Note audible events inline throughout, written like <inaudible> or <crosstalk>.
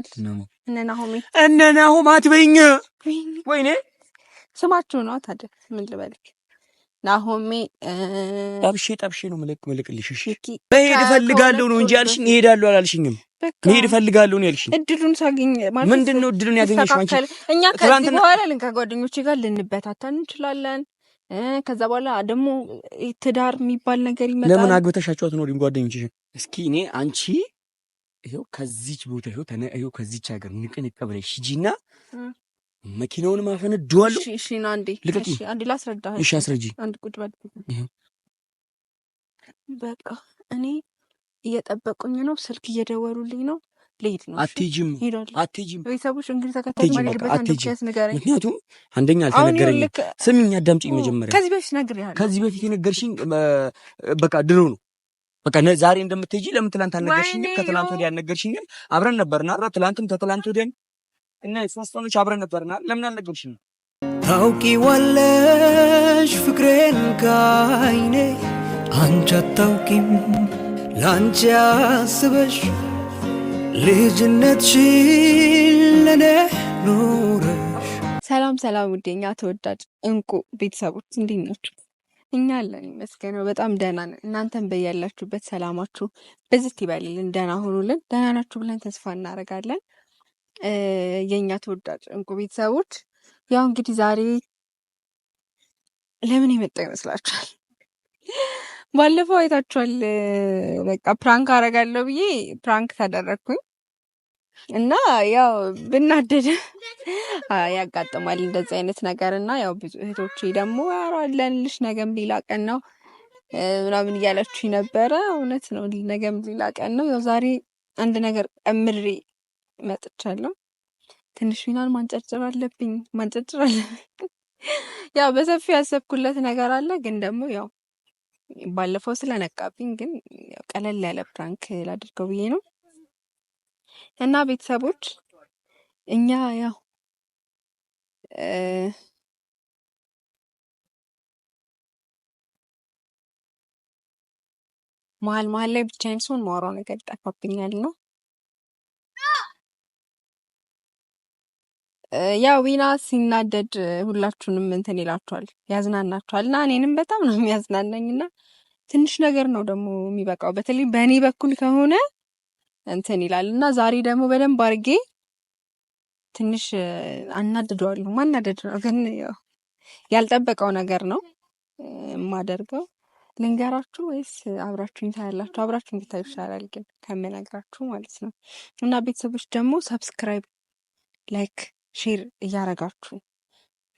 እነ ናሆም አትበይኝ። ወይኔ ስማችሁ ነው ታዲያ ምን ልበልክ? ናሆሜ ጠብሼ ጠብሼ ነው ምልክ ምልክልሽ። እሺ መሄድ እፈልጋለሁ ነው እንጂ አልሽኝ። እሄዳለሁ አላልሽኝም። መሄድ እፈልጋለሁ ነው ያልሽኝ። እድሉን ሳገኝ ማለት ምንድን ነው እድሉን ያገኘሽ አንቺ? እኛ ከዚህ በኋላ ከጓደኞቼ ጋር ልንበታተን እንችላለን። ከዛ በኋላ ደግሞ ትዳር የሚባል ነገር ይመጣል። ለምን አግብተሻቸው አትኖሪም ጓደኞችሽን? እስኪ እኔ አንቺ ይኸው ከዚች ቦታ ይኸው ተነ ይኸው ከዚች ሀገር ንቅንቅ ብለሽ ሂጂና መኪናውን ማፈነድ ዱዋል። እሺ ና አንዴ ልቀቂ፣ አንዴ ላስረዳ። እሺ አስረጂ። አንድ ቁጭ በል። በቃ እኔ እየጠበቁኝ ነው፣ ስልክ እየደወሉልኝ ነው። ልሂድ ነው። አትሄጂም፣ አትሄጂም። ቤተሰቦች እንግዲህ ተከታይ ማለት አንድ ምክንያት ንገረኝ። ምክንያቱም አንደኛ አልተነገረኝም። ስሚኝ፣ አዳምጪኝ። መጀመሪያ ከዚህ በፊት ነግሬሃለሁ። ከዚህ በፊት የነገርሽኝ በቃ ድሮ ነው በቃ ዛሬ እንደምትሄጂ ለምን ትላንት አልነገርሽኝም? ከትላንት ወዲያ አልነገርሽኝም? አብረን ነበርና ራ ትላንትም ተትላንት ወዲያ እና ሶስት ቀኖች አብረን ነበርና ለምን ታውቂ ታውቂዋለሽ ፍቅሬን ካይኔ አንቺ አታውቂም። ለአንቺ አስበሽ ልጅነትሽን ለኔ ኖረሽ። ሰላም ሰላም፣ ውዴኛ ተወዳጅ እንቁ ቤተሰቦች እንዴት ናችሁ? እኛ አለን ይመስገነው፣ በጣም ደህና ነን። እናንተን በያላችሁበት ሰላማችሁ በዝት ይበልልን፣ ደህና ሁኑልን። ደህና ናችሁ ብለን ተስፋ እናደርጋለን። የእኛ ተወዳጅ እንቁ ቤተሰቦች፣ ያው እንግዲህ ዛሬ ለምን የመጣ ይመስላችኋል? ባለፈው አይታችኋል። በቃ ፕራንክ አደርጋለሁ ብዬ ፕራንክ ተደረግኩኝ። እና ያው ብናደድ ያጋጥማል እንደዚህ አይነት ነገር እና ያው ብዙ እህቶቼ ደግሞ አለንልሽ ነገም ሌላ ቀን ነው ምናምን እያለችኝ ነበረ። እውነት ነው፣ ነገም ሌላ ቀን ነው። ያው ዛሬ አንድ ነገር ቀምሬ መጥቻለሁ። ትንሽ ፊናል ማንጨርጭር አለብኝ ማንጨርጭር አለብኝ። ያው በሰፊው ያሰብኩለት ነገር አለ፣ ግን ደግሞ ያው ባለፈው ስለነቃብኝ ግን ቀለል ያለ ፕራንክ ላድርገው ብዬ ነው እና ቤተሰቦች እኛ ያው መሀል መሀል ላይ ብቻዬን ስሆን ማውራው ነገር ይጠፋብኛል ነው። ያው ዊና ሲናደድ ሁላችሁንም እንትን ይላችኋል፣ ያዝናናችኋል እና እኔንም በጣም ነው የሚያዝናናኝ እና ትንሽ ነገር ነው ደግሞ የሚበቃው። በተለይ በእኔ በኩል ከሆነ እንትን ይላል እና ዛሬ ደግሞ በደንብ አድርጌ ትንሽ አናድደዋለሁ። ማናደድ ነው ግን ያልጠበቀው ነገር ነው የማደርገው። ልንገራችሁ ወይስ አብራችሁ ታያላችሁ? አብራችሁ እንድታዩ ይሻላል ግን ከምነግራችሁ ማለት ነው። እና ቤተሰቦች ደግሞ ሰብስክራይብ፣ ላይክ፣ ሼር እያረጋችሁ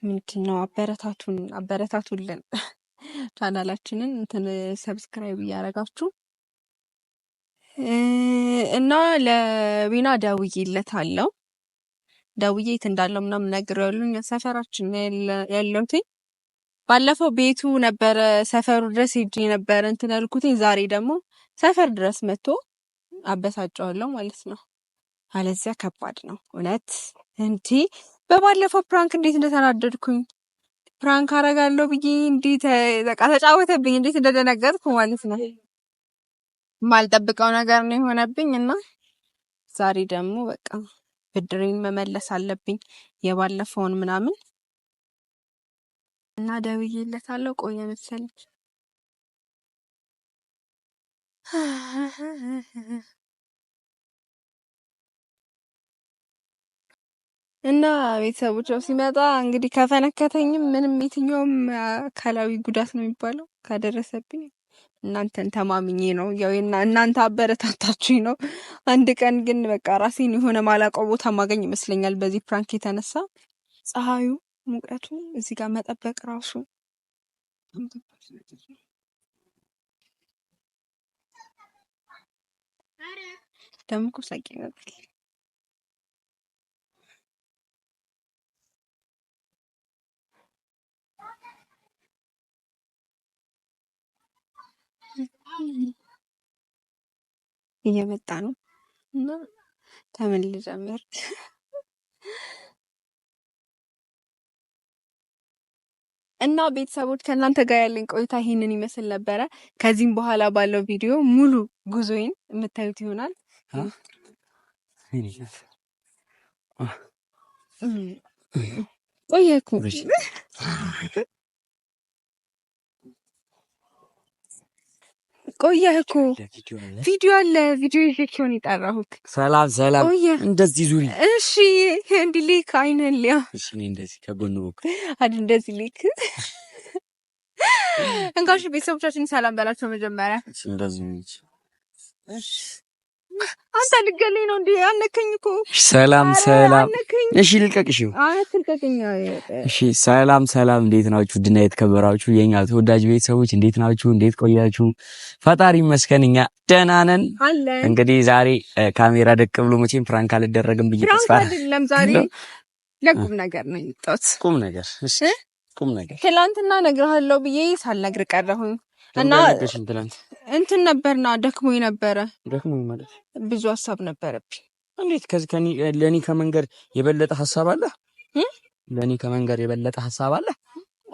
ምንድን ነው አበረታቱን፣ አበረታቱልን <laughs> ቻናላችንን እንትን ሰብስክራይብ እያረጋችሁ እና ለቢና አለው ደውዬ የት እንዳለው ምናምን ነግሬዋለሁኝ። ሰፈራችን ነው ያለሁትኝ። ባለፈው ቤቱ ነበረ ሰፈሩ ድረስ ሄጄ ነበረ እንትን ያልኩትኝ። ዛሬ ደግሞ ሰፈር ድረስ መጥቶ አበሳጨዋለሁ ማለት ነው። አለዚያ ከባድ ነው እውነት። እንቲ በባለፈው ፕራንክ እንዴት እንደተናደድኩኝ ፕራንክ አረጋለሁ ብዬ እንዴት በቃ ተጫወተብኝ፣ እንዴት እንደደነገጥኩ ማለት ነው። ማልጠብቀው ነገር ነው የሆነብኝ እና ዛሬ ደግሞ በቃ ብድሬን መመለስ አለብኝ የባለፈውን ምናምን እና ደውዬለታለሁ። ቆየ መሰለች <laughs> እና ቤተሰቦቻው ሲመጣ እንግዲህ ከፈነከተኝም ምንም የትኛውም አካላዊ ጉዳት ነው የሚባለው ካደረሰብኝ እናንተን ተማምኜ ነው ያው እናንተ አበረታታችሁኝ ነው። አንድ ቀን ግን በቃ ራሴን የሆነ ማላውቀው ቦታ ማገኝ ይመስለኛል። በዚህ ፕራንክ የተነሳ ፀሐዩ፣ ሙቀቱ እዚህ ጋር መጠበቅ ራሱ ደግሞ እየመጣ ነው እና ተምን ልጀምር? እና ቤተሰቦች ከእናንተ ጋር ያለኝ ቆይታ ይሄንን ይመስል ነበረ። ከዚህም በኋላ ባለው ቪዲዮ ሙሉ ጉዞዬን የምታዩት ይሆናል። ቆየኩ ቆየህ እኮ ቪዲዮ አለ። ቪዲዮ ይዤኪሆን የጠራሁት ሰላም ሰላም። እንደዚህ ዙሪ። እሺ፣ እንዲ ሊክ አይነ ሊያ እሺ፣ እንደዚህ ከጎን ቦክ አድ እንደዚህ ሊክ እንካሽ። ቤተሰቦቻችን ሰላም በላቸው መጀመሪያ። እንደዚህ አንተ ልገሌ ነው እንዲ አነከኝ እኮ። ሰላም ሰላም እሺ ልልቀቅሽ። እሺ ሰላም ሰላም፣ እንዴት ናችሁ? ድና የተከበራችሁ የኛ ተወዳጅ ቤተሰቦች እንዴት ናችሁ? እንዴት ቆያችሁ? ፈጣሪ ይመስገን እኛ ደህና ነን። እንግዲህ ዛሬ ካሜራ ደቅ ብሎ መቼም ፕራንክ አልደረግም ብዬ ተስፋ አይደለም። ዛሬ ለቁም ነገር ነው የመጣሁት። ቁም ነገር እሺ፣ ቁም ነገር። ትላንትና እነግርሃለሁ ብዬ ሳልነግር ቀረሁኝ እና እንትን ነበርና ደክሞኝ ነበረ። ደክሞኝ ማለት ብዙ ሀሳብ ነበረብኝ እንዴት ከዚህ ከኔ ለኔ ከመንገድ የበለጠ ሀሳብ አለ? ለኔ ከመንገድ የበለጠ ሀሳብ አለ?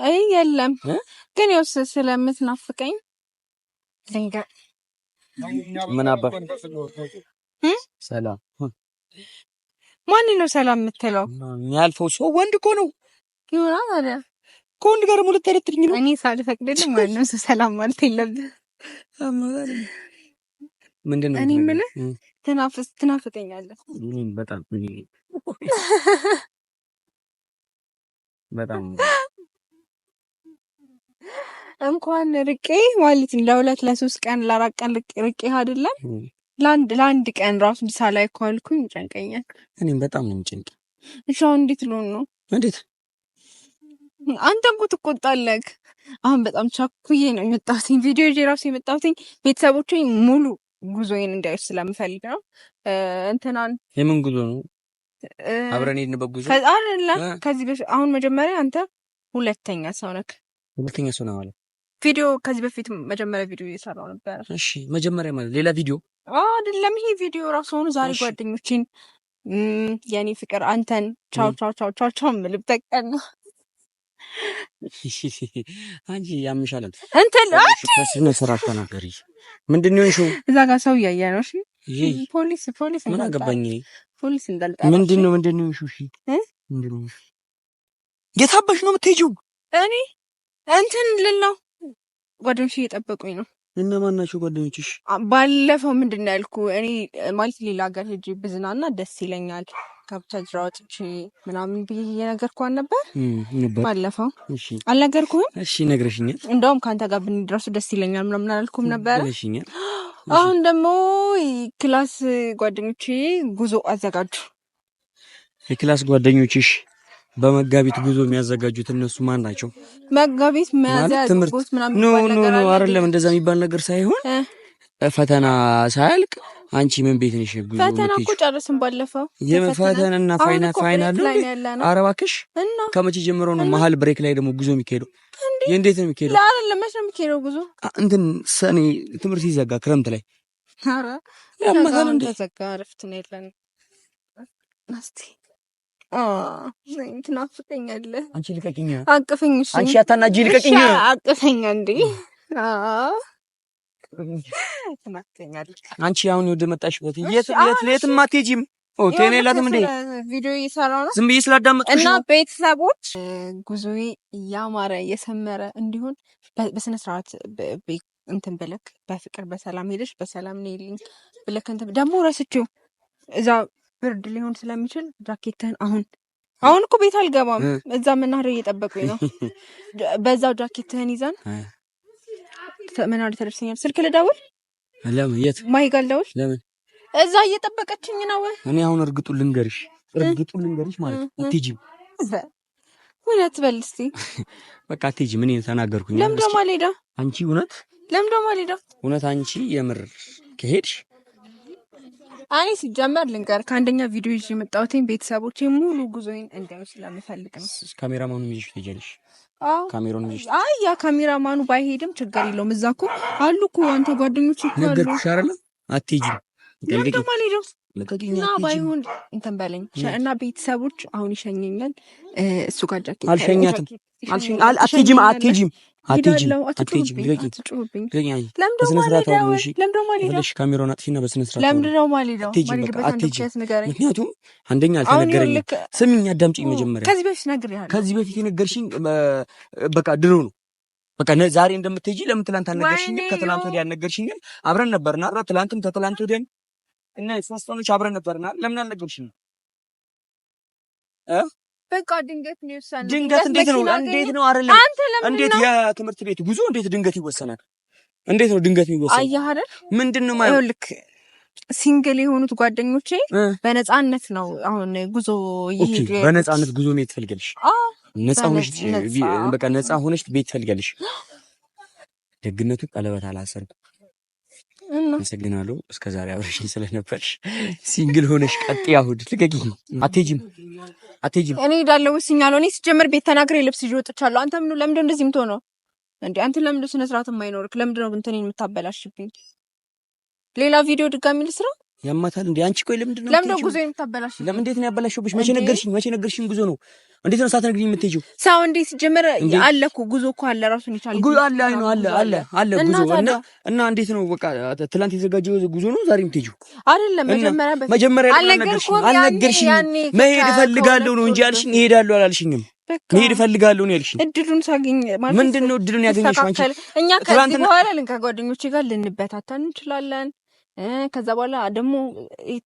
አይ የለም፣ ግን ያው ስለምትናፍቀኝ ልንገር። ምን አባህ ሰላም። ማን ነው ሰላም የምትለው? የሚያልፈው ሰው ወንድ እኮ ነው። ይሁና ታዲያ ከወንድ ጋር ሙሉ ተለትኝ ነው። እኔ ሳልፈቅድልህ ማንም ሰው ሰላም ማለት የለብህ። ምንድን ነው እኔ የምልህ ትናፍስ ትናፍቀኛለህ። እኔም በጣም በጣም እንኳን ርቄ ማለት ለሁለት ለሶስት ቀን ለአራት ቀን ርቄ አይደለም ለአንድ ለአንድ ቀን ራሱ ላይ ከዋልኩኝ ጨንቀኛል። እኔም በጣም ነው የሚጨንቀኝ። እሺ አሁን እንዴት ልሆን ነው? እንዴት አንተ እኮ ትቆጣለህ። አሁን በጣም ቻኩዬ ነው የመጣሁትኝ ቪዲዮ ራሱ የመጣሁትኝ ቤተሰቦቼ ሙሉ ጉዞዬን እንዳይወስድ ስለምፈልግ ነው። እንትናን የምን ጉዞ ነው? አብረን ሄድንበት ጉዞ ከዚህ በፊት አሁን መጀመሪያ አንተ ሁለተኛ ሰው ነክ ሁለተኛ ሰው ነው ማለት ቪዲዮ ከዚህ በፊት መጀመሪያ ቪዲዮ እየሰራው ነበር። እሺ መጀመሪያ ማለት ሌላ ቪዲዮ አይደለም ይሄ ቪዲዮ ራሱ ሆኑ። ዛሬ ጓደኞችን የኔ ፍቅር አንተን ቻው ቻው ቻው ቻው ቻው ምልብ ጠቀን ነው። አንቺ ያምሻል እንትን ስነ ስርዓት ተናገሪ። ምንድን ነው የሆንሽው? እዛ ጋር ሰው እያየ ነው። እሺ ፖሊስ ፖሊስ ምን አገባኝ? ፖሊስ እንዳልጣ ምንድን ነው ምንድን ነው የሆንሽው? እሺ ምንድን ነው የታበሽ ነው የምትሄጂው? እኔ እንትን ልል ነው ጓደኞች እየጠበቁኝ ነው እና ማናቸው ጓደኞችሽ? ባለፈው ምንድን ነው ያልኩ እኔ ማለት ሌላ ሀገር ሄጅ ብዝናና ደስ ይለኛል ከቡታጅራ ወጥቼ ምናምን ብዬ እየነገርኳን ነበር ባለፈው። አልነገርኩም? እሺ ነግረሽኛል። እንደውም ከአንተ ጋር ብንድረሱ ደስ ይለኛል ምናምን አላልኩም ነበር? <gasps> አሁን ደግሞ ክላስ ጓደኞቼ ጉዞ አዘጋጁ። የክላስ ጓደኞችሽ በመጋቢት ጉዞ የሚያዘጋጁት እነሱ ማን ናቸው? መጋቢት መያዝ ትምህርት ኖ ኖ ኖ አይደለም፣ እንደዛ የሚባል ነገር ሳይሆን ፈተና ሳያልቅ አንቺ ምን ቤት ነሽ? ጉዞ ፈተና እኮ ጨርስን ባለፈው የፈተና እና ፋይና ፋይናል ኧረ እባክሽ ከመቼ ጀምሮ ነው? መሀል ብሬክ ላይ ደግሞ ጉዞ የሚካሄደው እንዴት ነው የሚካሄደው? አይደለም መች ነው የሚካሄደው ጉዞ? እንትን ሰኔ ትምህርት ይዘጋ ክረምት ላይ ኧረ ያመታል እንዴ? ተዘጋ። አረፍት ነው የለንም እስኪ ዘይን ትናፍቀኛለህ። አንቺ ልቀቅኝ፣ አቅፈኝ። አንቺ አሁን ወደ መጣሽበት የት የትም አትሄጂም። ጤና የላትም እንዴ? ቪዲዮ እየሰራሁ ነው ዝም ብዬ ስላዳመጥኩሽ እና ቤተሰቦች፣ ጉዞዬ እያማረ እየሰመረ እንዲሆን በስነ ስርዓት እንትን ብለክ በፍቅር በሰላም ሄደሽ በሰላም ነው ይልኝ ብለክ እንትን ደግሞ ረስቼው እዛ ብርድ ሊሆን ስለሚችል ጃኬትህን አሁን አሁን እኮ ቤት አልገባም። እዛ መናኸሪያ እየጠበቁኝ ነው። <laughs> በዛው ጃኬትህን ይዘን መናኸሪያ ተደርሰኛል። ስልክ ልደውል? ለምን? የት ማይጋ ልደውል? ለምን? እዛ እየጠበቀችኝ ነው። እኔ አሁን እርግጡ ልንገርሽ፣ እርግጡ ልንገርሽ ማለት አትሄጂም። እውነት በል እስኪ <laughs> በቃ አትሄጂም። እኔ ተናገርኩኝ። ለምን ደግሞ አንቺ እውነት ለምን ደግሞ አልሄድም። እውነት አንቺ የምር ከሄድሽ እኔ ሲጀመር ልንገር ከአንደኛ ቪዲዮ ይዤ የመጣሁትኝ ቤተሰቦች ሙሉ ጉዞዬን እንዲያው ስለምፈልግ ነው። ካሜራማኑ ይዤሽ ትሄጃለሽ። ካሜራውን ይዤሽ አይ፣ ያ ካሜራማኑ ባይሄድም ችግር የለውም። እዛ እኮ አሉ እኮ አንተ ጓደኞች እኮ አሉ። ነገርኩሽ አይደል? አትሄጂም። እና ባይሆን እንትን በለኝ እና ቤተሰቦች አሁን ይሸኘኛል። እሱ ጋር ጃኬት አልሸኛትም። አትሄጂም፣ አትሄጂም ምክንያቱም አንደኛ አልተነገረኝ። ስሚኝ፣ አዳምጪኝ። መጀመሪያ ከዚህ በፊት የነገርሽኝ በቃ ድሮ ነው። በቃ ዛሬ እንደምትሄጂ ለምን ትላንት አልነገርሽኝ? ከትላንት ወዲያ አልነገርሽኝ? አብረን ነበርና ትላንትም ከትላንት ወዲያ እና ሶስት ሆኖች አብረን ነበርና ለምን አልነገርሽኝ? በቃ ድንገት ነው የወሰነው። ድንገት እንዴት ነው እንዴት ነው አይደለም? እንዴት የትምህርት ቤት ጉዞ እንዴት ድንገት ይወሰናል? እንዴት ነው ድንገት የሚወሰነው? አየህ አይደል? ምንድነው ማለት ልክ ሲንግል የሆኑት ጓደኞቼ በነፃነት ነው አሁን ጉዞ ይሄዱ። በነፃነት ጉዞ ነው ትፈልገልሽ? ነፃ ሆነሽ በቃ ነፃ ሆነሽ ቤት ትፈልገልሽ? <gasps> ደግነቱ ቀለበት አላሰርኩም አመሰግናለሁ። እስከዛሬ አብረሽኝ ስለነበር ሲንግል ሆነሽ ቀጥ ያሁድ ልቀቂ። አትሄጂም፣ አትሄጂም። እኔ ሄዳለሁ ወስኛለሁ። እኔ ሲጀምር ቤት ተናግሬ ልብስ ይዤ ወጥቻለሁ። አንተ ምን ለምንድነው እንደዚህ የምትሆነው እንዴ? አንተ ለምንድነው ስነ ስርዓት የማይኖርክ? ለምንድነው እንትን የምታበላሽብኝ? ሌላ ቪዲዮ ድጋሚ ልስራ ያማታል እንዴ? አንቺ ቆይ፣ ለምንድነው ነው ጉዞ የምታበላሽ? ለምን? እንዴት ነው ያበላሽብሽ? መቼ ነገርሽኝ? መቼ ነገርሽኝ? ጉዞ ነው እንዴት ነው ሳትነግሪኝ የምትሄጂው? ሰው እንዴት ጀመረ? አለ እኮ ጉዞ እኮ አለ፣ ራሱን ይቻላል ጉዞ አለ። አይ ነው አለ አለ አለ ጉዞ እና እና እንዴት ነው በቃ ትላንት የተዘጋጀው ጉዞ ነው ዛሬ የምትሄጂው? አይደለም መጀመሪያ መጀመሪያ አልነገርሽኝም። መሄድ እፈልጋለሁ ነው እንጂ አልሽኝ። እሄዳለሁ አላልሽኝም። መሄድ እፈልጋለሁ ነው ያልሽኝ። እድሉን ሳገኝ ማለት ምንድን ነው እድሉን ያገኘሽው አንቺ? እኛ ከዚህ በኋላ ከጓደኞቼ ጋር ልንበታተን እንችላለን። ከዛ በኋላ ደግሞ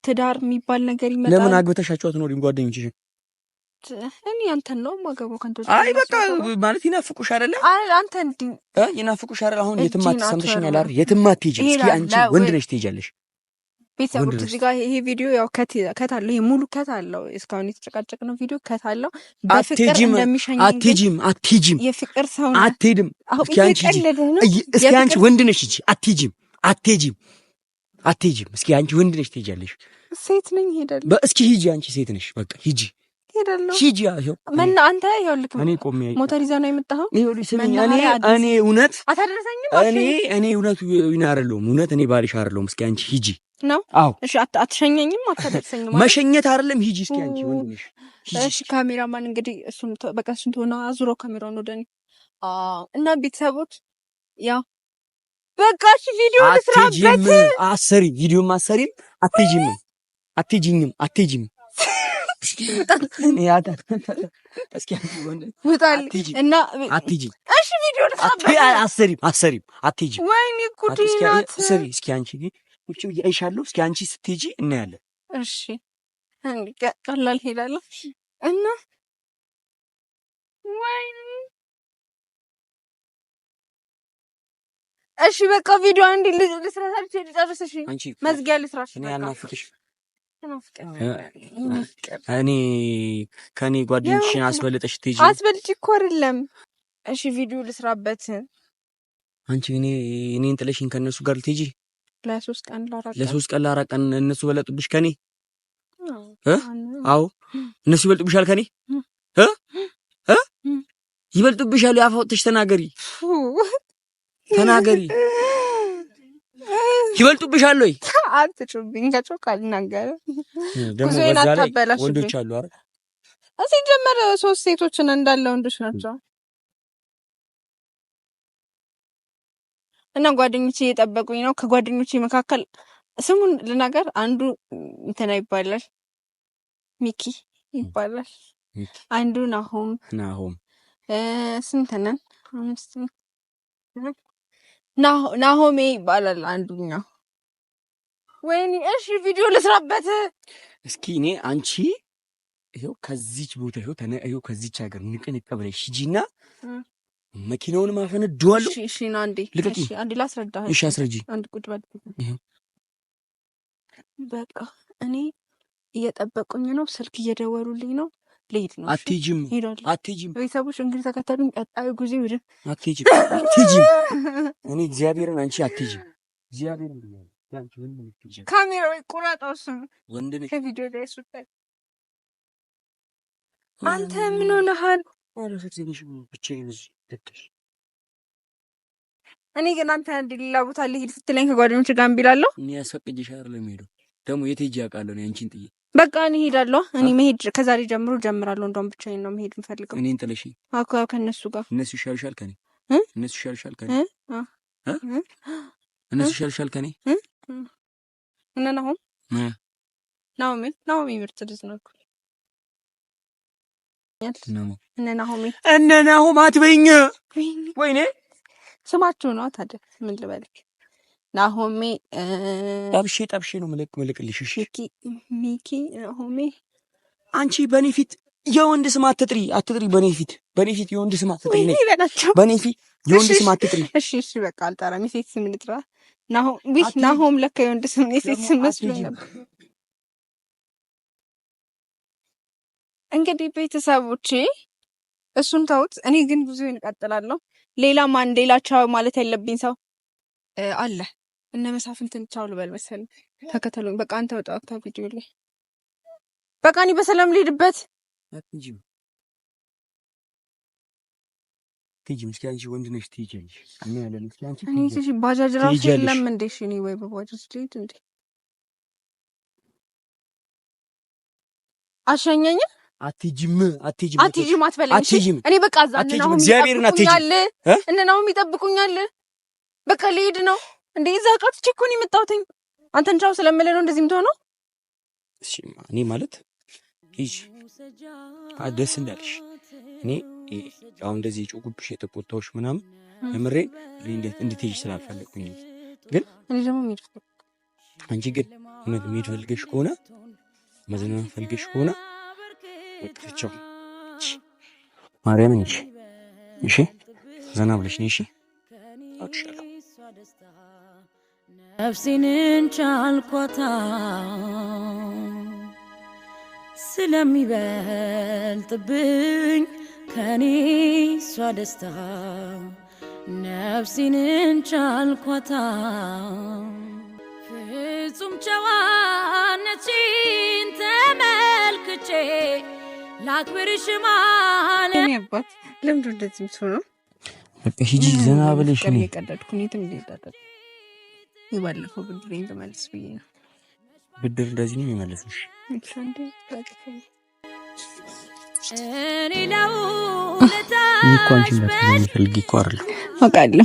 ትዳር የሚባል ነገር ይመጣል። ለምን አግብተሻቸው አትኖሪም ጓደኞችሽን? እኔ አንተን ነው የማገባው። ከንቶ አይ በቃ ማለት ይናፍቁሽ አይደለ? አንተ እንዲህ ይናፍቁሽ አይደለ? አሁን የትማት ሰምተሽኛል አይደል? የትማት ትሄጂ? እስኪ አንቺ ወንድ ነሽ ትሄጃለሽ። ቤተሰቦች እዚህ ጋር ይሄ ቪዲዮ ያው ከት አለው፣ ይሄ ሙሉ ከት አለው። እስካሁን የተጨቃጨቅ ነው ቪዲዮ ከት አለው። በፍቅር እንደሚሸኝ አትሄጂም፣ አትሄጂም፣ የፍቅር ሰው አትሄድም። እስኪ አንቺ ወንድ ነሽ ሂጂ። አትሄጂም፣ አትሄጂም፣ አትሄጂም። እስኪ አንቺ ወንድ ነሽ ትሄጃለሽ። ሴት ነኝ ሄዳለሁ። እስኪ ሂጂ፣ አንቺ ሴት ነሽ፣ በቃ ሂጂ። ሂጂ። አንተ ይኸውልህ እኔ ቆሜ ሞተር ይዘህ ነው የመጣኸው። ይኸውልህ ስሚኝ፣ እኔ እኔ እውነት አታደርሰኝም። እኔ እኔ አይደለሁም፣ እውነት እኔ ባልሽ አይደለሁም። እስኪ አንቺ ሂጂ ነው። አዎ፣ እሺ። አትሸኘኝም፣ አታደርሰኝም። መሸኘት አይደለም፣ ሂጂ እስኪ አንቺ። ወንድምሽ እሺ። ካሜራማን እንግዲህ በቃ አዙሮ ካሜራውን ወደ እኔ እና ቤተሰቦች ያው በቃ እሺ፣ ቪዲዮ ልስራበት። አሰሪ እስኪ ስትሄጂ እናያለን። እሺ ቀላል ሄዳለሁ እና እሺ በቃ ቪዲዮ አንዴ ልስራ፣ ሰርቼ ልጨርስ። እሺ መዝጊያ ልስራሽ። እኔ ከእኔ ጓደኞችሽን አስበልጠሽ ትሄጂ። አስበልጭ እኮ አይደለም። እሺ ቪዲዮ ልስራበት። አንቺ እኔ እኔን ጥለሽኝ ከእነሱ ጋር ልትጂ ለሶስት ቀን ለሶስት ቀን ለአራት እነሱ በለጡብሽ ከኔ? አዎ እነሱ ይበልጡብሻል ከኔ ይበልጡብሻል። ያፋውጥሽ ተናገሪ፣ ተናገሪ <laughs> ይበልጡብሻል ወይ? አትጩብኝ። ከጮክ አልናገርም። ወንዶች አሉ አይደል? እዚህ ጀመረ ሶስት ሴቶችን እንዳለ ወንዶች ናቸው። እና ጓደኞች እየጠበቁኝ ነው። ከጓደኞች መካከል ስሙን ልናገር፣ አንዱ እንትና ይባላል፣ ሚኪ ይባላል። አንዱ ናሆም ናሆም። ስንት ነን? አምስት ናሆሜ ይባላል አንዱኛ። ወይኔ እሺ፣ ቪዲዮ ልስራበት እስኪ። እኔ አንቺ ይኸው ከዚች ቦታ ይኸው ተነ ይኸው ከዚች ሀገር ንቅን ብለሽ ሂጂና መኪናውን ማፈን ድዋሉ። እሺ፣ እሺ፣ ና አንዴ፣ ልቀቂ። አንዴ ላስረዳ። እሺ፣ አስረጂ። አንድ ቁጭ በል። በቃ እኔ እየጠበቁኝ ነው፣ ስልክ እየደወሉልኝ ነው። ልሄድ ነው። አትሄጂም፣ ቤተሰቦች እንግዲህ ተከተሉኝ። ቀጣዩ ጊዜ እኔ እግዚአብሔርን አንቺ ወንድ ከቪዲዮ ላይ አንተ ምን ሆነሃል? እኔ ግን አንተ ሌላ ቦታ ስትለኝ ከጓደኞች ጋር እምቢ እላለሁ። እኔ ደግሞ የት ሄጄ አውቃለሁ? ነው አንቺን ጥዬ በቃ እኔ ሄዳለሁ። እኔ መሄድ ከዛሬ ጀምሮ ጀምራለሁ። እንደውም ብቻዬን ነው መሄድ የምፈልገው። እኔን ጥለሽኝ እኮ ያው ከእነሱ ጋር እነሱ ይሻልሻል ከኔ እነሱ ይሻልሻል ከኔ እነሱ ይሻልሻል ከኔ እና ናሆም ናሆሜ ናሆሜ ምርጥ ልጅ ነው እኮ እነ ናሆሜ እነ ናሆም አትበይኝ። ወይኔ ስማችሁ ነው ታዲያ ምን ልበልክ? ናሆሜ ጠብሺ ጠብሺ ነው ምልቅ ምልክልሽ። እሺ ሚኪ ናሆሜ፣ አንቺ በእኔ ፊት የወንድ ስም አትጥሪ አትጥሪ። በእኔ ፊት በእኔ ፊት የወንድ ስም አትጥሪ። በእኔ ፊት የወንድ ስም አትጥሪ። እሺ እሺ፣ በቃ አልጠራም። የሴት ስም ልጥራ። ናሆም ቢሽ ናሆም፣ ለካ የወንድ ስም የሴት ስም መስሎ ነበር። እንግዲህ ቤተሰቦቼ እሱን ተውት። እኔ ግን ብዙ እንቀጥላለሁ። ሌላ ማን ሌላ ቻው ማለት ያለብኝ ሰው አለ? እነ መሳፍንትን ቻው ልበል መሰል ተከተሉ። በቃ አንተ ወጣ ቪዲዮ ላይ በቃ እኔ በሰላም ልሄድበት ትጂም እስኪ አንቺ ወንድ ነሽ ትሄጃለሽ። እኔ ያለን እስኪ አንቺ ትሄጂ ባጃጅ ራሱ የለም እንዴ? እሺ እኔ ወይ በባጃጅ ልሄድ እንዴ? አሸኘኝ። አትሄጂም፣ አትሄጂም፣ አትጂም አትጂም አትጂም አትበለኝ እሺ እኔ በቃ እዛ እነ ይጠብቁኛል፣ እነ ናሁም ይጠብቁኛል። በቃ ልሄድ ነው እንዴ እዛ ቃት ቺኩን የመጣሁትኝ አንተን ቻው ስለምልህ ነው እንደዚህ የምትሆነው። እሺ እኔ ማለት እሺ ደስ እንዳለሽ እኔ አሁን እንደዚህ የጮኩብሽ የተቆጣሁሽ ምናምን የምሬ እንዴት እንድትሄጂ ስላልፈለኩኝ ግን እኔ ደግሞ ምን አንቺ ግን እውነት መሄድ ፈልገሽ ከሆነ መዝናናት ፈልገሽ ከሆነ ወጥቻው ማርያም እንጂ እሺ ዘና ብለሽ ነሽ እሺ አውጥሻለሁ ነፍሴንን ቻልኳታ ስለሚበልጥብኝ ከኔ እሷ ደስታ ነፍሴንን ቻልኳታ ፍጹም ጨዋነችን ተመልክቼ ላክብርሽ ማለት አባት ለምንድን እንደዚህ ምስሉ ሂጂ ዘና ብለሽ ቀደድኩ ኔትም እንዲዳደድ የባለፈው ብድር ልመልስ ብዬ ነው። ብድር እንደዚህ ነው የሚመልሱሽ። አውቃለሁ።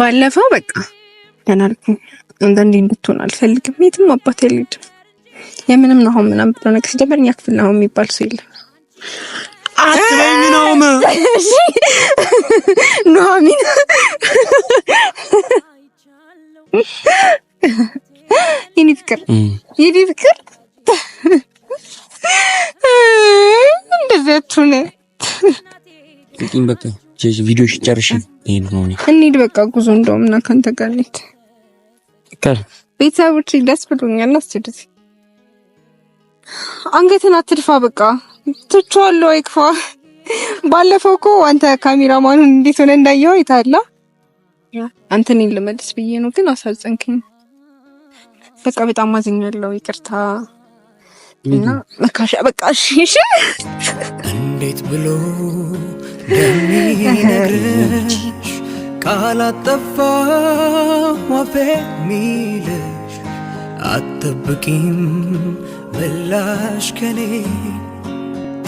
ባለፈው በቃ ተናልኩ። አንዳንዴ እንድትሆን አልፈልግም። የትም አባት የልድ የምንም ነው አሁን ምናምን ብሎ ነገር ሲጀመር እኛ ክፍል አሁን የሚባል ሰው የለም። አትበኝ ነውም ኑሐሚን የኔ ፍቅር የኔ ፍቅር በቃ እንሂድ። በቃ ጉዞ እንደውም እና ከአንተ ጋር እንሂድ። ቤተሰቦች ደስ ብሎኛል። አስችሉት። አንገትን አትድፋ በቃ ትቼዋለሁ። አይክፋ። ባለፈው እኮ አንተ ካሜራማኑን እንዴት ሆነ እንዳየው ይታላ አንተ እኔን ልመልስ ብዬ ነው፣ ግን አሳዘንክኝ። በቃ በጣም አዝኛለሁ። ይቅርታ እና መካሻ በቃ እሺ፣ እሺ። እንዴት ብሎ እንደሚነግርሽ ቃላት ጠፋ ዋፌ ሚልሽ አትጠብቂም ምላሽ ከኔ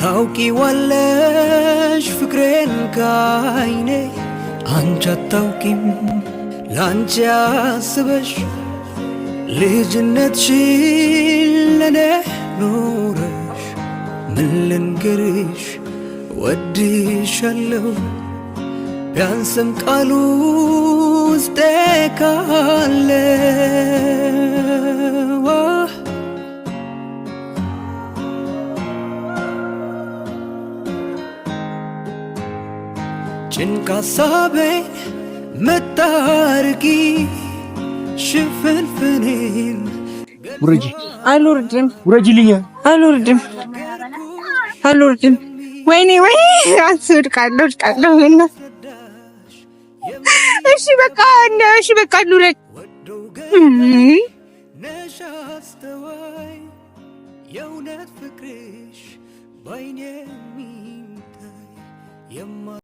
ታውቂዋለሽ ፍቅሬን ከአይኔ አንቺ አታውቂም ላንቺ ያስበሽ ልጅነትሽን ለኔ ኖረሽ ምን ልንገርሽ ወድሻለሁ ቢያንስም ቃሉ ውስጤ ካለዋ! ጭንቅ ሀሳቤን መታርጊ ሽፍንፍኔን ውረጂ። አልወርድም። ውረጂልኝ። አልወርድም፣ አልወርድም። ወይኔ ወይ ራስ ወድቃለሁ፣ ወድቃለሁ። እና እሺ በቃ እና እሺ በቃ ልውረድ። የእውነት ፍቅርሽ ባይኔ የሚታይ